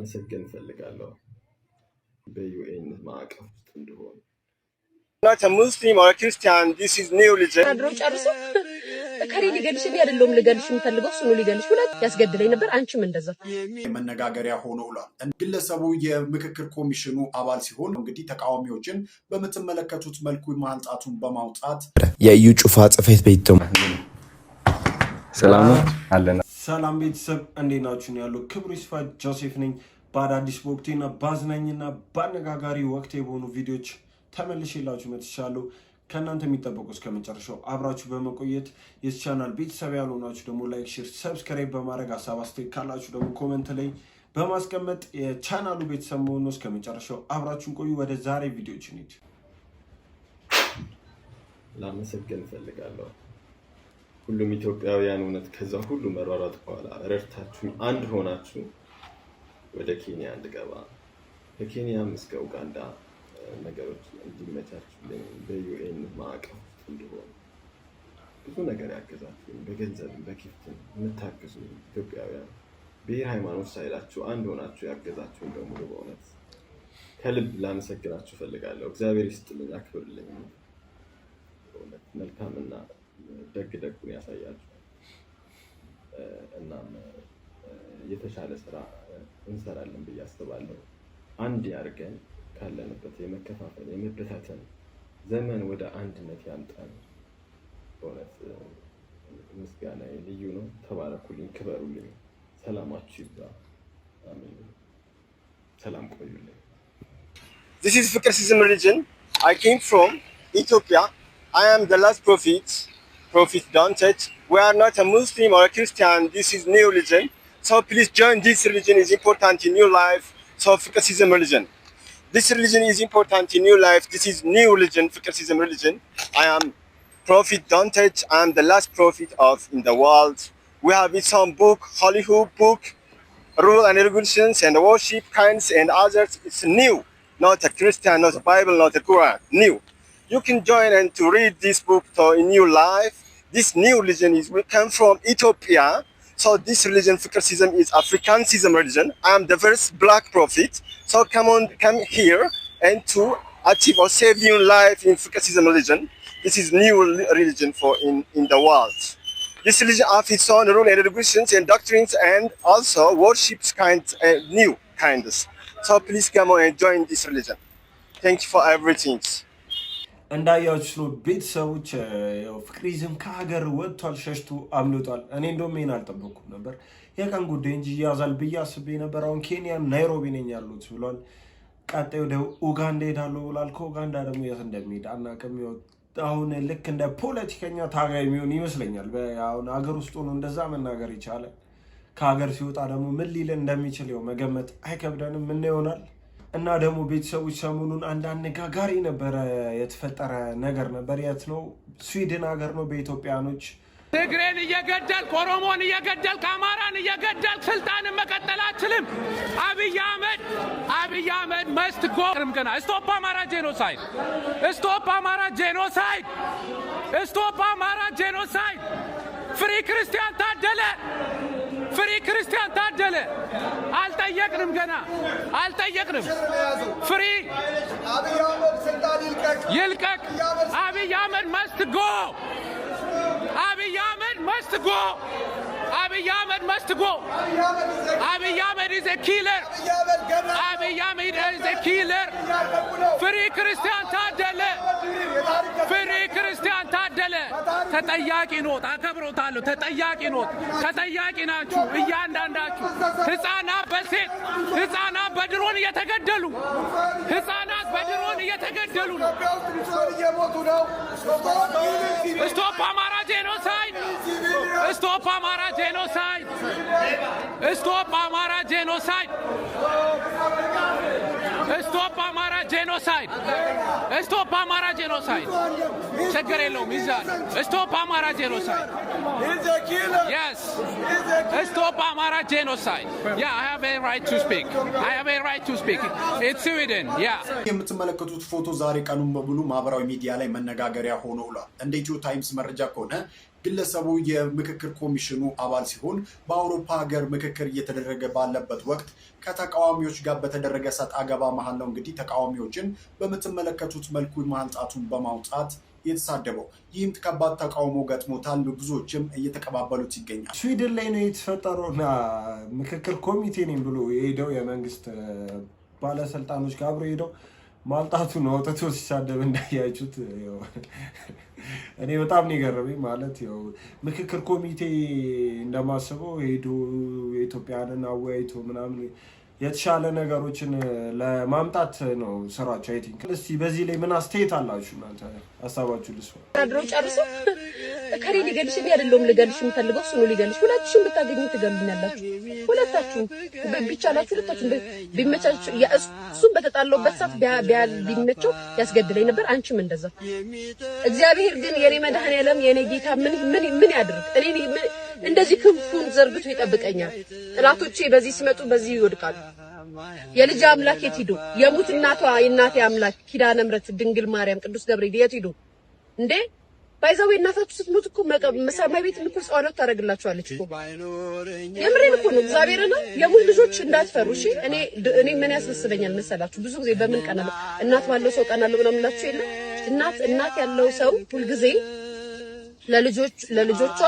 ላመሰግን እፈልጋለሁ። በዩኤን ማዕቀፍ ውስጥ እንደሆነ አድሮ ጨርሶ ከሬ ሊገልሽ እኔ አይደለሁም ልገልሽ የሚፈልገው እሱ ነው ሊገልሽ ሁለት ያስገድለኝ ነበር። አንቺም እንደዛ መነጋገሪያ ሆኖ ውሏል። ግለሰቡ የምክክር ኮሚሽኑ አባል ሲሆን እንግዲህ ተቃዋሚዎችን በምትመለከቱት መልኩ ማንጣቱን በማውጣት የእዩ ጩፋ ጽሕፈት ቤት ሰላም አለና ሰላም ቤተሰብ እንዴት ናችሁ? ያለው ክብሩ ይስፋ ጆሴፍ ነኝ። በአዳዲስ በወቅቴና በአዝናኝና በአነጋጋሪ ወቅቴ በሆኑ ቪዲዮዎች ተመልሼላችሁ መጥቻለሁ። ከእናንተ የሚጠበቁ እስከ መጨረሻው አብራችሁ በመቆየት የዚህ ቻናል ቤተሰብ ያልሆናችሁ ደግሞ ላይክ፣ ሼር፣ ሰብስክራይብ በማድረግ ሀሳብ አስተያየት ካላችሁ ደግሞ ኮመንት ላይ በማስቀመጥ የቻናሉ ቤተሰብ መሆኑ እስከ መጨረሻው አብራችሁን ቆዩ። ወደ ዛሬ ቪዲዮች እንሂድ። ላመሰግን እፈልጋለሁ ሁሉም ኢትዮጵያውያን እውነት ከዛ ሁሉ መሯሯጥ በኋላ ረድታችሁን አንድ ሆናችሁ ወደ ኬንያ እንድገባ ከኬንያም እስከ ኡጋንዳ ነገሮች እንዲመቻችልኝ በዩኤን ማዕቀፍ ውስጥ ብዙ ነገር ያገዛችሁኝ በገንዘብም በኪፍትም የምታግዙ ኢትዮጵያውያን ብሔር፣ ሃይማኖት ሳይላችሁ አንድ ሆናችሁ ያገዛችሁን በሙሉ በእውነት ከልብ ላመሰግናችሁ ፈልጋለሁ። እግዚአብሔር ይስጥልኝ፣ አክብርልኝ። መልካምና ደግ ደጉን ያሳያችሁ እናም የተሻለ ስራ እንሰራለን ብዬ አስባለሁ። አንድ ያድርገን ካለንበት የመከፋፈል የመበታተን ዘመን ወደ አንድነት ያምጣን። በእውነት ምስጋና ልዩ ነው። ተባረኩልኝ፣ ክበሩልኝ፣ ሰላማችሁ ይብዛ። አሜን። ሰላም ቆዩልኝ። This is Fikr Season Religion. I came from Ethiopia. I am the last prophet Prophet Dantet. We are not a Muslim or a Christian. This is new religion. So please join this religion is important in your life. So Fikasism religion. This religion is important in your life. This is new religion, Fikasism religion. I am Prophet Dantet. I am the last prophet of in the world. We have its some book, Hollywood book, rule and regulations and worship kinds and others. It's new. Not a Christian, not a Bible, not a Quran. New you can join and to read this book to a new life. This new religion is we come from Ethiopia. So this religion, Fikricism, is Africanism religion. I'm the first black prophet. So come on, come here and to achieve or save your life in Fikricism religion. This is new religion for in, in the world. This religion has its own rule and regulations and doctrines and also worships kind uh, new kinds. So please come on and join this religion. Thank you for everything. እንዳያችሁ ነው ቤተሰቦች፣ ፍቅሪዝም ከሀገር ወጥቷል፣ ሸሽቶ አምልጧል። እኔ እንደውም ይሄን አልጠበኩም ነበር፣ የቀን ጉዳይ እንጂ ይያዛል ብዬ አስቤ ነበር። አሁን ኬንያም ናይሮቢ ነኝ ያሉት ብሏል። ቀጣይ ወደ ኡጋንዳ ሄዳለሁ ብሏል። ከኡጋንዳ ደግሞ የት እንደሚሄድ አናውቅም። አሁን ልክ እንደ ፖለቲከኛ ታጋይ የሚሆን ይመስለኛል። አሁን ሀገር ውስጥ ሆኖ እንደዛ መናገር ይቻላል። ከሀገር ሲወጣ ደግሞ ምን ሊል እንደሚችል ያው መገመት አይከብደንም። ምን ይሆናል እና ደግሞ ቤተሰቦች ሰሞኑን አንድ አነጋጋሪ ነበረ የተፈጠረ ነገር ነበር። የት ነው? ስዊድን ሀገር ነው። በኢትዮጵያኖች ትግሬን እየገደልክ ኦሮሞን እየገደልክ አማራን እየገደልክ ስልጣንን መቀጠል አትችልም። አብይ አህመድ አብይ አህመድ መስት ጎርም ገና ስቶፕ አማራ ጄኖሳይድ ስቶፕ አማራ ጄኖሳይድ ስቶፕ አማራ ጄኖሳይድ ፍሪ ክርስቲያን ታደለ ፍሬ ክርስቲያን ታደለ አልጠየቅንም፣ ገና አልጠየቅንም። ፍሪ ይልቀቅ። አብይ አህመድ መስት ጎ አብይ አህመድ መስት ጎ አብይ አህመድ መስት ጎ አብይ አህመድ ኢዝ ኪለር። አብይ አህመድ ኢዝ ኪለር። ፍሪ ክርስቲያን ታደለ ተጠያቂ ኖት። አከብሮታለሁ። ተጠያቂ ኖት። ተጠያቂ ናችሁ እያንዳንዳችሁ። ህፃናት በሴት ህፃናት በድሮን እየተገደሉ ህፃናት በድሮን እየተገደሉ ነው። ስቶፕ አማራ ጄኖሳይድ! ስቶፕ አማራ ጄኖሳይድ! ስቶፕ አማራ ጄኖሳይድ! ጄኖሳይድ ስቶፕ አማራ ጄኖሳይድ ችግር የለውም ይዛል። ስቶፕ አማራ ጄኖሳይድ የስ ስቶፕ አማራ ጄኖሳይድ የምትመለከቱት ፎቶ ዛሬ ቀኑን በሙሉ ማህበራዊ ሚዲያ ላይ መነጋገሪያ ሆኖ ውሏል። እንደ ኢትዮ ታይምስ መረጃ ከሆነ ግለሰቡ የምክክር ኮሚሽኑ አባል ሲሆን በአውሮፓ ሀገር ምክክር እየተደረገ ባለበት ወቅት ከተቃዋሚዎች ጋር በተደረገ ሰጥ አገባ መሀል ነው እንግዲህ ተቃዋሚዎችን በምትመለከቱት መልኩ ማንጣቱን በማውጣት የተሳደበው። ይህም ከባድ ተቃውሞ ገጥሞታል። ብዙዎችም እየተቀባበሉት ይገኛል። ስዊድን ላይ ነው የተፈጠረውና ምክክር ኮሚቴ ነኝ ብሎ የሄደው የመንግስት ባለስልጣኖች ጋር አብሮ ሄደው ማምጣቱ ነው። ወጥቶ ሲሳደብ እንዳያችሁት እኔ በጣም ነው የገረመኝ። ማለት ያው ምክክር ኮሚቴ እንደማስበው ሄዶ የኢትዮጵያንን አወያይቶ ምናምን የተሻለ ነገሮችን ለማምጣት ነው ስራቸው። አይ ቲንክ እስቲ በዚህ ላይ ምን አስተያየት አላችሁ እናንተ? ሀሳባችሁ ልስ ድሮ ጨርሶ ከሬ ሊገልሽ እኔ አይደለሁም ልገልሽ የምፈልገው እሱ ነው ሊገልሽ። ሁላችሁም ብታገኙ ትገሉኛላችሁ። ሁለታችሁም ቢቻላችሁ፣ ሁለታችሁም ቢመቻችሁ፣ እሱም በተጣለውበት ሰዓት ቢመቸው ያስገድለኝ ነበር፣ አንቺም እንደዛ። እግዚአብሔር ግን የኔ መድኃኔዓለም የኔ ጌታ ምን ምን ምን ያድርግ እኔ እንደዚህ ክንፉን ዘርግቶ ይጠብቀኛል። ጥላቶቼ በዚህ ሲመጡ በዚህ ይወድቃሉ። የልጅ አምላክ የት ሂዶ የሙት እናቷ የእናቴ አምላክ ኪዳነ ምሕረት ድንግል ማርያም ቅዱስ ገብርኤል የት ሂዶ እንዴ ባይዘው እናታችሁ ስትሞት እኮ ሰማይ ቤት ምኩር ጸዋለት ታደርግላችኋለች እኮ የምሬን እኮ ነው። እግዚአብሔር ነው የሙት ልጆች እንዳትፈሩ እሺ። እኔ እኔ ምን ያስመስለኛል መሰላችሁ? ብዙ ጊዜ በምን ቀናለሁ እናት ባለው ሰው ቀናለሁ ብለው ምላችሁ የለ እናት እናት ያለው ሰው ሁልጊዜ ለልጆች ለልጆቿ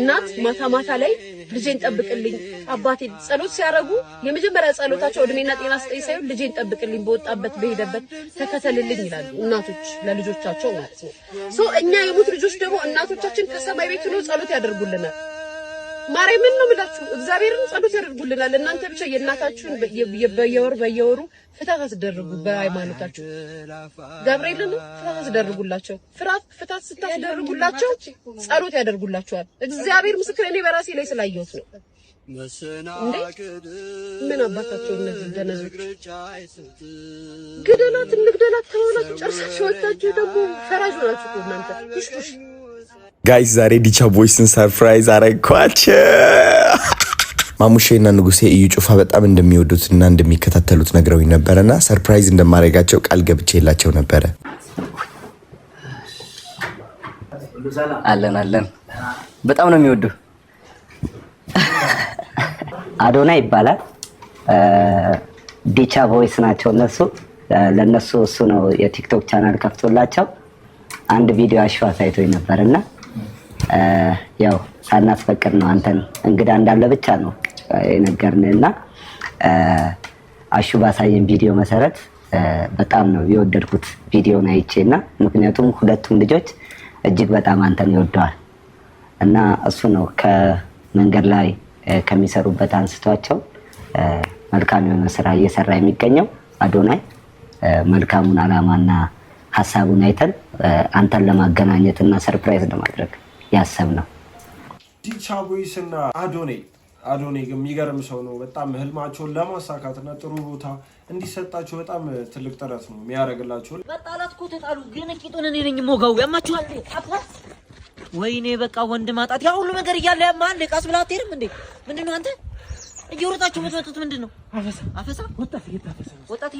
እናት ማታ ማታ ላይ ልጄን ጠብቅልኝ አባቴ ጸሎት ሲያረጉ የመጀመሪያ ጸሎታቸው እድሜና ጤና ስጠኝ ሳይሆን ልጄን ጠብቅልኝ፣ በወጣበት በሄደበት ተከተልልኝ ይላሉ እናቶች ለልጆቻቸው ማለት ነው። እኛ የሙት ልጆች ደግሞ እናቶቻችን ከሰማይ ቤት ሆነው ጸሎት ያደርጉልናል። ማርያምን ነው የምላችሁ። እግዚአብሔርን ጸሎት ያደርጉልናል። እናንተ ብቻ የእናታችሁን በየወር በየወሩ ፍታት አስደርጉ። በሃይማኖታችሁ ገብርኤልን ፍታት አስደርጉላቸው። ፍራት ፍታት ስታስደርጉላቸው ጸሎት ያደርጉላችኋል። እግዚአብሔር ምስክር፣ እኔ በራሴ ላይ ስላየሁት ነው። እንዴ ምን አባታቸው እነዚህ ደነዞች፣ ግደላት እንግደላት ተባላችሁ ጨርሳችሁ ወጣችሁ። ደግሞ ፈራጅ ሆናችሁ እናንተ ሽሽ ጋይስ ዛሬ ዲቻ ቦይስን ሰርፕራይዝ አረግኳቸው። ማሙሼና ንጉሴ እዩ ጩፋ በጣም እንደሚወዱትና እንደሚከታተሉት ነግረውኝ ነበረና ሰርፕራይዝ እንደማደርጋቸው ቃል ገብቼ የላቸው ነበረ። አለን አለን፣ በጣም ነው የሚወዱ። አዶና ይባላል። ዲቻ ቮይስ ናቸው እነሱ። ለእነሱ እሱ ነው የቲክቶክ ቻናል ከፍቶላቸው አንድ ቪዲዮ አሸዋ ታይቶ ነበር እና ያው ሳናስፈቅድ ነው አንተን እንግዳ እንዳለ ብቻ ነው የነገርን እና አሹ ባሳየን ቪዲዮ መሰረት በጣም ነው የወደድኩት ቪዲዮን አይቼ እና ምክንያቱም ሁለቱም ልጆች እጅግ በጣም አንተን ይወደዋል እና እሱ ነው ከመንገድ ላይ ከሚሰሩበት አንስቷቸው መልካም የሆነ ስራ እየሰራ የሚገኘው አዶናይ መልካሙን አላማና ሀሳቡን አይተን አንተን ለማገናኘት እና ሰርፕራይዝ ለማድረግ ያሰብነው። ዲቻ ቦይስ እና አዶኔ አዶኔ ግን የሚገርም ሰው ነው። በጣም ህልማቸውን ለማሳካት እና ጥሩ ቦታ እንዲሰጣቸው በጣም ትልቅ ጥረት ነው የሚያደርግላቸው። መጣላት እኮ ተጣሉ፣ ግን ቂጡን እኔ ነኝ ሞጋው ያማችኋል። ወይኔ በቃ ወንድ ማጣት ያ ሁሉ ነገር እያለ ያማል። ቃስ ብላ አትሄድም እንዴ? ምንድነው አንተ እየሮጣችሁ የምትመጡት ምንድን ነው? አፈሳ አፈሳ፣ ወጣት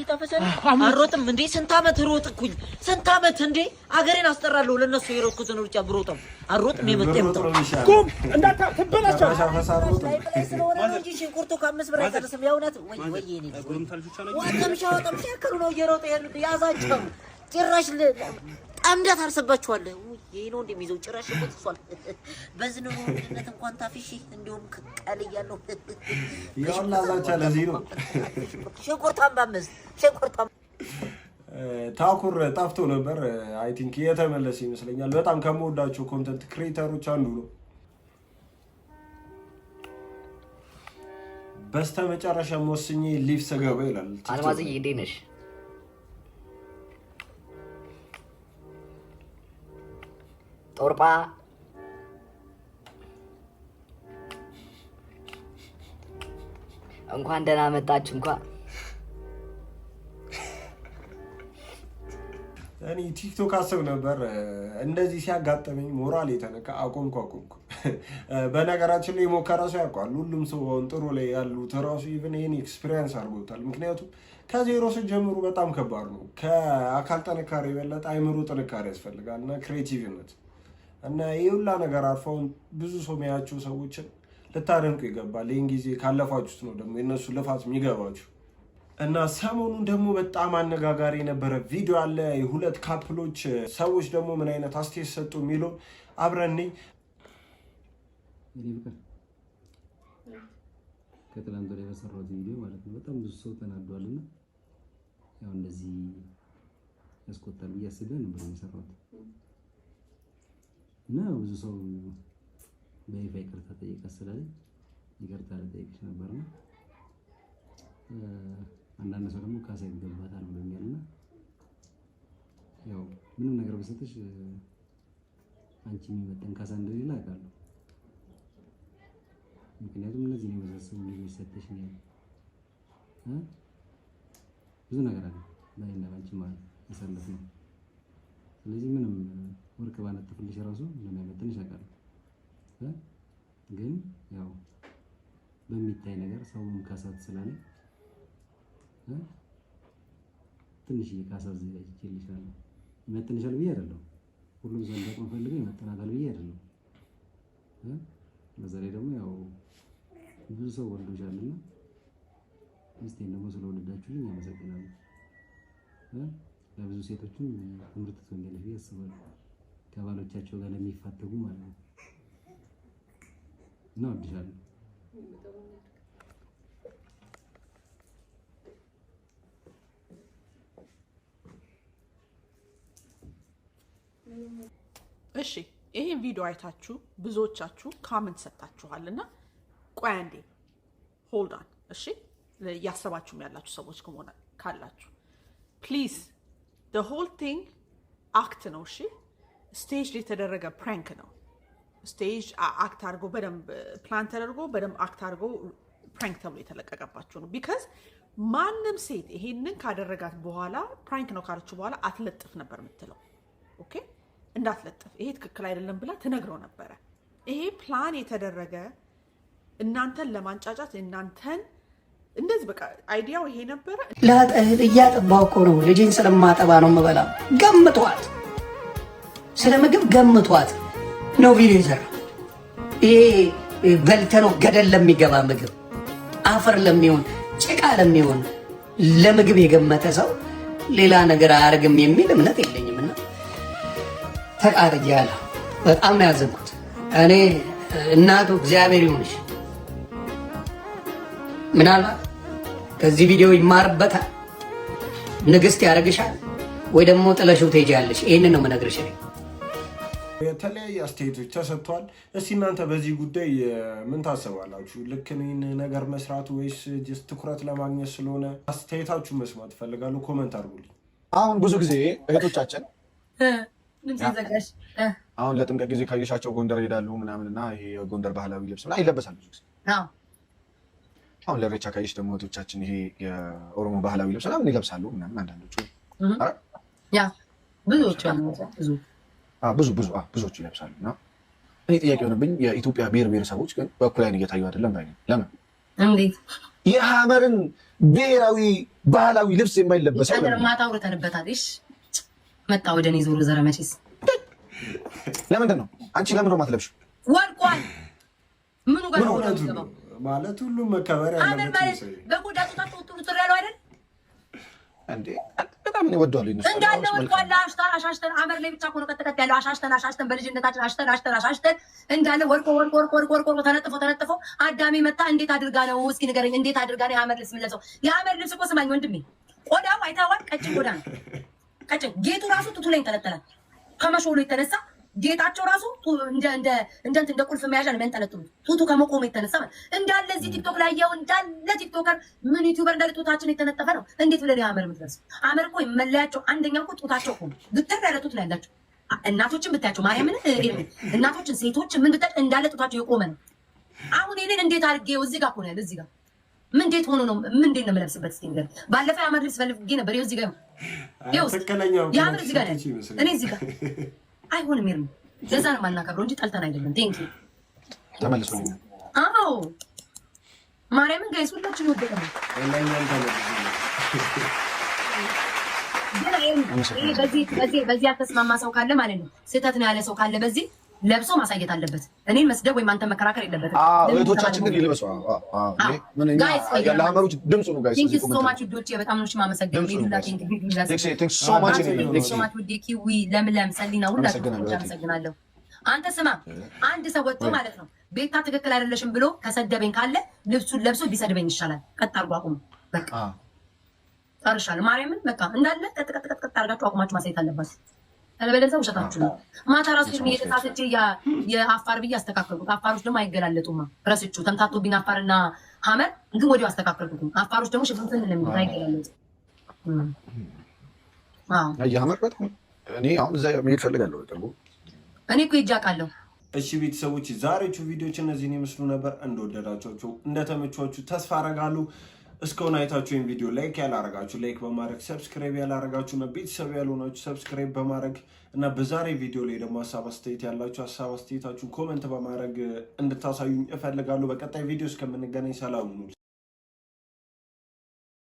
እየታፈሰ ነው። አልሮጥም እንዴ? ስንት ሮጥኩኝ፣ ስንት አመት እንዴ! አገሬን አስጠራለሁ። ለነሱ የሮጥኩትን ሩጫ ብሮጥም አልሮጥም። የመጣ ይመጣ ቁም እንዳታ ተበላቸው። ሽንኩርቱ ከአምስት ብር አይቀርስም። የእውነት ወይ ወይ፣ የኔ ወጣም ሻወጣም ሲያከሉ ነው እየሮጠ ያዛቸው ጭራሽ እንዴት አርሰባችኋለሁ ይሄ ነው እንደሚይዘው ጭራሽ ተሷል። በዚህ ነው ምንድነት እንኳን ታፍሽ እንዲሁም ቀል እያለሁ ታኩር ጠፍቶ ነበር። አይ ቲንክ የተመለሰ ይመስለኛል። በጣም ከምወዳቸው ኮንተንት ክሬተሮች አንዱ ነው። በስተመጨረሻ ወስኜ ሊፍ ስገባ ይላል። አልማዝዬ እንዴት ነሽ? ጦርጳ እንኳን ደህና መጣችሁ። እንኳ እኔ ቲክቶክ አስብ ነበር እንደዚህ ሲያጋጠመኝ ሞራል የተነካ አቆምኩ አቆምኩ። በነገራችን ላይ የሞከረ ሰው ያውቀዋል። ሁሉም ሰው አሁን ጥሩ ላይ ያሉት ራሱ ኢቭን ይህን ኤክስፒሪየንስ አድርጎታል። ምክንያቱም ከዜሮ ስትጀምሩ በጣም ከባድ ነው። ከአካል ጥንካሬ የበለጠ አይምሮ ጥንካሬ ያስፈልጋል እና ክሬቲቭነት እና ይህ ሁላ ነገር አርፈውን ብዙ ሰው የሚያቸው ሰዎችን ልታደንቁ ይገባል። ይህን ጊዜ ካለፋችሁት ነው ደግሞ የነሱ ልፋት የሚገባችሁ። እና ሰሞኑን ደግሞ በጣም አነጋጋሪ የነበረ ቪዲዮ አለ። የሁለት ካፕሎች ሰዎች ደግሞ ምን አይነት አስተያየት ሰጡ የሚለው አብረን ከትላንት ወዲያ በሰራሁት ቪዲዮ ማለት ነው በጣም ብዙ ሰው ተናዷልና ያው እንደዚህ ያስቆጣል ብዬ አስቤ ነበር የሰራሁት እና ብዙ ሰው በይፋ ይቅርታ ጠይቀ ስላለኝ ይቅርታ ልጠይቅሽ ነበር ነው። አንዳንድ ሰው ደግሞ ካሳ ይገባታል ብሎኛል እና ያው ምንም ነገር በሰጥሽ አንቺ የሚመጠን ካሳ እንደሌለ አውቃለሁ። ምክንያቱም እነዚህ ነው የመሳሰሉ ልጆች ሰጥሽ ነው ብዙ ነገር አለ በእኔና በአንቺ ማለት ያሳለፍ ነው። ስለዚህ ምንም ወርቅ ባነጥፍልሽ ራሱ እንደማይመጥንሽ አውቃለሁ። ግን ያው በሚታይ ነገር ሰውም ካሳት ስላለ ትንሽዬ ካሳ አዘጋጅቼልሻለሁ። ይመጥንሻል ብዬ አይደለም፣ ሁሉም ሰንደቅ ፈልገው ይመጥናታል ብዬ አይደለም። በዛ ላይ ደግሞ ያው ብዙ ሰው ወልዶሻልና ሚስቴን ደግሞ ስለወለዳችሁልኝ አመሰግናለሁ። ለብዙ ሴቶችም ትምህርት ትሆኛለሽ ብዬ አስባለሁ። ከባሎቻቸው ጋር ለሚፋተጉ ማለት ነው። እና እወድሻለሁ። እሺ ይሄን ቪዲዮ አይታችሁ ብዙዎቻችሁ ካመንት ሰጥታችኋል እና ቆይ አንዴ ሆልድ ኦን እሺ እያሰባችሁም ያላችሁ ሰዎች ከሆነ ካላችሁ ፕሊዝ ሆል ቲንግ አክት ነው እሺ ስቴጅ የተደረገ ፕራንክ ነው። ስቴጅ አክት አድርጎ በደንብ ፕላን ተደርጎ በደንብ አክት አድርጎ ፕራንክ ተብሎ የተለቀቀባቸው ነው። ቢካዝ ማንም ሴት ይሄንን ካደረጋት በኋላ ፕራንክ ነው ካለች በኋላ አትለጥፍ ነበር የምትለው። ኦኬ እንዳትለጥፍ፣ ይሄ ትክክል አይደለም ብላ ትነግረው ነበረ። ይሄ ፕላን የተደረገ እናንተን ለማንጫጫት እናንተን እንደዚህ በቃ አይዲያው ይሄ ነበረ። እያጠባው እኮ ነው ልጅን ስለማጠባ ነው የምበላው ገምቷል። ስለ ምግብ ገምቷት ነው ቪዲዮ የሰራ። ይሄ በልተነው ገደል ለሚገባ ምግብ፣ አፈር ለሚሆን ጭቃ ለሚሆን ለምግብ የገመተ ሰው ሌላ ነገር አያደርግም የሚል እምነት የለኝም እና ያለ በጣም ነው ያዘንኩት። እኔ እናቱ እግዚአብሔር ይሁንሽ። ምናልባት ከዚህ ቪዲዮ ይማርበታል፣ ንግስት ያደርግሻል፣ ወይ ደግሞ ጥለሽው ትሄጃለሽ። ይህንን ነው የምነግርሽ። የተለያየ አስተያየቶች ተሰጥተዋል። እስቲ እናንተ በዚህ ጉዳይ ምን ታስባላችሁ? ልክ እኔን ነገር መስራት ወይስ ትኩረት ለማግኘት ስለሆነ? አስተያየታችሁ መስማት እፈልጋለሁ። ኮመንት አድርጉልኝ። አሁን ብዙ ጊዜ እህቶቻችን አሁን ለጥምቀት ጊዜ ካየሻቸው ጎንደር ይሄዳሉ ምናምን እና ይሄ የጎንደር ባህላዊ ልብስ ምናምን ይለበሳል ብዙ ጊዜ። አሁን ለሬቻ ካየሽ ደግሞ እህቶቻችን ይሄ የኦሮሞ ባህላዊ ልብስ ምናምን ይለብሳሉ ምናምን አንዳንዶቹ ብዙዎቹ ብዙ ብዙ ብዙዎቹ ይለብሳሉ። እና እኔ ጥያቄ የሆነብኝ የኢትዮጵያ ብሔር ብሔረሰቦች ግን በእኩል አይን እየታዩ አይደለም ባይ ለምን እንዴት የሀመርን ብሔራዊ ባህላዊ ልብስ የማይለበሰው ማታውረተንበታልሽ መጣ ወደ እኔ ዞሮ ዘረ መቼስ ለምንድን ነው አንቺ ለምን ነው ማትለብሽ? ወድቋል። ምኑ ጋር ማለት ሁሉም መከበር ያለበት በጉዳቱ ታጥቶ ጥሩ ጥሩ ያለው አይደል እንዴ? በጣም ይነሱ እንዳለ ወዷለ አሽተን አሻሽተን አመር ላይ ብቻ ሆኖ ነው ቀጥቀጥ ያለው። አሻሽተን አሻሽተን በልጅነታችን አሽተን አሽተን አሽተን እንዳለ ወርቆ ወርቆ ወርቆ ወርቆ ወርቆ ተነጥፎ ተነጥፎ አዳሜ መታ። እንዴት አድርጋ ነው እስኪ ንገረኝ፣ እንዴት አድርጋ ነው የአመር ልብስ የምለብሰው? የአመር ልብስ እኮ ስማኝ ወንድሜ፣ ቆዳው አይተኸዋል? ቀጭን ቆዳ ነው። ቀጭን ጌጡ ራሱ ትቱ ላይ ተለጠለ ከመሾሉ የተነሳ ጌታቸው ራሱ እንደንት እንደ ቁልፍ መያዣ ነው የሚያንጠለጥሉት። ጡቱ ከመቆሙ የተነሳ ማለት እንዳለ እዚህ ቲክቶክ ላይ ያው እንዳለ ቲክቶከር ምን ዩቲዩበር እንዳለ ጡታችን የተነጠፈ ነው። እንዴት ብለን የአመር ምድረስ አመር እኮ መለያቸው አንደኛ እኮ ጡታቸው ሆኑ ብትር ያለ ጡት ነው ያላቸው። እናቶችን ብታያቸው ማርያምን፣ እናቶችን ሴቶች ምን ብታ እንዳለ ጡታቸው የቆመ ነው። አሁን ይህንን እንዴት አድርጌ እዚህ ጋር ሆነ እዚህ ጋር ምን እንዴት ሆኖ ነው ምን እንዴት ነው የምለብስበት? እስኪ ንገር። ባለፈው የአመር ልብስ ፈልጌ ነበር። ይኸው እዚህ ጋር ይኸው ትክክለኛው የአመር እዚህ ጋር እኔ እዚህ ጋር አይሆንም። ይርም ለዛ ነው ማናከብረው እንጂ ጠልተን አይደለም። ቴንክ ዩ ተመልሶ አዎ፣ ማርያምን ጋይስ ሁላችን ወደቀ በዚህ በዚህ በዚህ አልተስማማ ሰው ካለ ማለት ነው ስህተት ነው ያለ ሰው ካለ በዚህ ለብሶ ማሳየት አለበት። እኔን መስደብ ወይም አንተ መከራከር የለበትም። እህቶቻችን ግን ይልበሱ። ለሀመሮች ድምፅ ነው። ጋይስ ሶማች ውዶች፣ በጣም ነው ማመሰግነው። ኪዊ፣ ለምለም፣ ሰሊና ሁላችሁ አመሰግናለሁ። አንተ ስማ፣ አንድ ሰው ወጥቶ ማለት ነው ቤታ ትክክል አይደለሽም ብሎ ከሰደበኝ ካለ ልብሱን ለብሶ ቢሰድበኝ ይሻላል። ቀጥ አድርጎ አቁሙ። በቃ ጨርሻለሁ። ማርያምን በቃ እንዳለ ቀጥ ቀጥ ቀጥ አድርጋችሁ አቁማችሁ ማሳየት አለባችሁ። አለበለዚያ ውሸታችሁ ነው። ማታ ራሱ የተሳሰች የአፋር ብዬ አስተካከልኩት። አፋሮች ደግሞ አይገላለጡም ረስቹ ተምታቶብኝ አፋርና ሀመር ግን ወዲያው አስተካከልኩት። አፋሮች ደግሞ ሽፍንፍን ለሚ የሚሉት አይገላለጡ። የሀመር በጣም እኔ አሁን እዛ መሄድ ፈልጋለሁ። ቅርቡ እኔ እኮ ሄጄ አውቃለሁ። እሺ ቤተሰቦች፣ ዛሬዎቹ ቪዲዮች እነዚህን ይመስሉ ነበር። እንደወደዳቸው እንደተመቻችሁ ተስፋ አረጋለሁ። እስከሆነ አይታችሁ ይህን ቪዲዮ ላይክ ያላረጋችሁ ላይክ በማድረግ ሰብስክራይብ ያላረጋችሁ እና ቤተሰብ ያልሆናችሁ ሰብስክራይብ በማድረግ እና በዛሬ ቪዲዮ ላይ ደግሞ ሀሳብ አስተያየት ያላችሁ ሀሳብ አስተያየታችሁን ኮመንት በማድረግ እንድታሳዩኝ እፈልጋለሁ። በቀጣይ ቪዲዮ እስከምንገናኝ ሰላም ሁኑ።